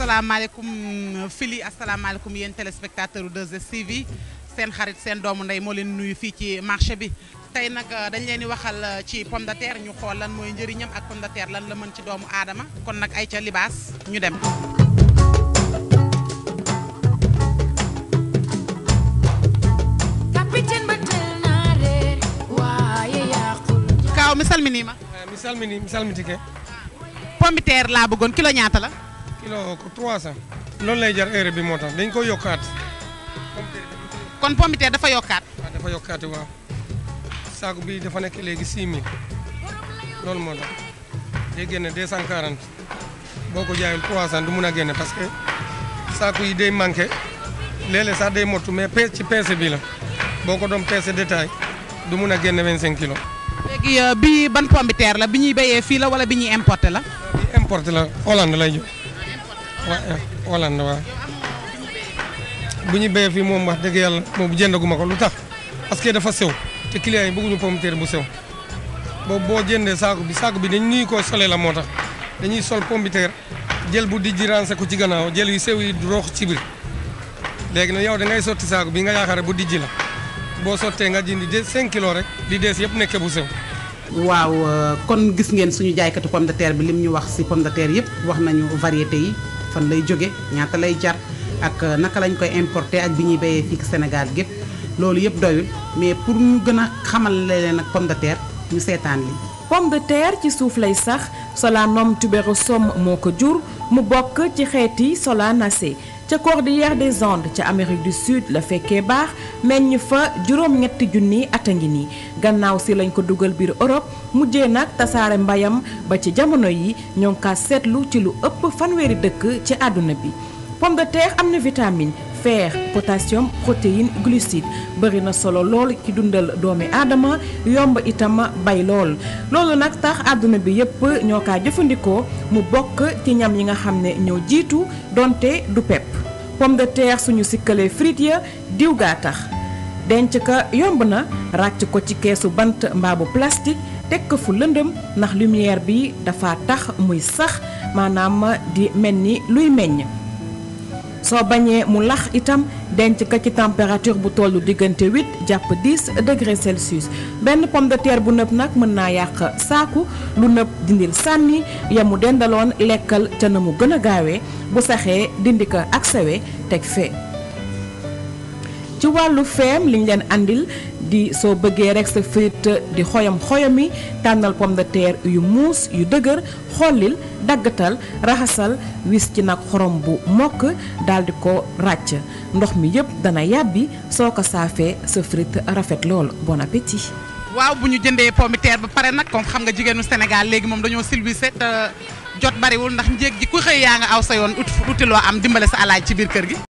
asalaamaaleykum euh, fili asalaamaaleykum yéen téléspectateur u 2STV seen xarit seen doomu ndey moo leen nuyu fii ci marché bi tey nag euh, dañ leen di waxal euh, ci pomme de terre ñu xool lan mooy njëriñam ak pomme de lan la mën ci doomu aadama kon nag ay ca libaas ñu dem kaaw mi salmini ma mi salmini mi salmitike ah. pomme laa bëggoon kilo ñaata la kilo ko 300. loolu lay jar heure bi moo tax dañ ko yokkaat. kon pompiteer dafa yokkaat. waaw dafa yokkaat waaw. saako bi dafa nekk léegi 6000 loolu moo tax day génne 240 boo ko jaayul 300 du mun a génne parce que saako yi day manqué léeg-léeg sax day mottu mais pe ci peese bi la boo ko doon peese détail du mun a génne 25 kilos. léegi euh, bi ban pompiteer la bi ñuy béyee fii la wala bi ñuy importé la. bi importé la Hollande lay jógee. Hollande waaw bu ñu béyee fii moom wax dëgg yàlla moom jëndaguma ko lu tax parce que dafa sew te clients yi bëgguñu pomme de terre bu sew boobu boo jëndee saako bi saako bi dañ ñuy ko solee la moo tax dañuy sol pomme jël bu dijji rancé ko ci gannaaw jël yu sew yi roox ci biir léegi nag yow da ngay sotti saako bi nga yaakaare bu dijji la boo sottee nga jindi 5 kilos rek li dees yëpp nekkee bu sew waaw euh, kon gis ngeen suñu jaaykatu pomme de terre bi lim ñu wax ci pomme de terre yëpp wax nañu variété yi fan lay jóge ñaata lay jar ak euh, naka lañ koy importer ak bi ñuy béyee fii Sénégal gépp loolu yëpp doyul mais pour ñu gën a xamal leen ak pomme de terre ñu seetaan li pomme de terre ci suuf lay sax Solanum tuberosum moo ko jur mu bokk ci xeeti Solanacées ca cordillère des Andes ca Amérique du Sud la fekkee baax meññ fa juróom-ñetti junni at a ngi nii gannaaw si lañ ko dugal biir Europe mujjee nag tasaare mbayam ba ci jamono yi ñoo kaa seetlu ci lu ëpp fanweeri dëkk ci àdduna bi pomme de terre am na vitamine fer potassium protéine glucide bëri na solo lool ci dundal doomi aadama yomb itam bay lool loolu nag tax àdduna bi yépp ñoo kaa jëfandikoo mu bokk ci ñam yi nga xam ne ñoo jiitu donte du pepp pomme de ter suñu sikkalee frites ya diw gaa tax denc ka yomb na ràcc ko ci keesu bant mbaabu plastique teg ko fu lëndëm ndax lumière bi dafa tax muy sax maanaam di mel ni luy meññ soo bañee mu lax itam denc ka ci température bu tollu diggante 8 jàpp 10 degré Celsius benn pomme de terre bu nëb nag mën naa yàq saaku lu nëb dindil sànni ya mu dendaloon lekkal ca na mu gën a gaawee bu saxee dindi ko ak sawe teg fee ci wàllu feem liñ leen indil di soo bëggee rek sa frite di xoyam xoyami tànnal pomme de yu muus yu dëgër xollil daggatal raxasal wis ci nag xorom bu mokk daal di ko ràcc ndox mi yëpp dana yàbbi soo ko saafee sa frite rafet lool bon appétit. waaw bu ñu jëndee pomme de terre ba pare nag comme xam nga jigéenu senegal léegi moom dañoo silbise te jot bariwul ndax njéeg ji ku xëy yaa nga aw sa yoon ut utiloo am dimbale sa alaaj ci biir kër gi.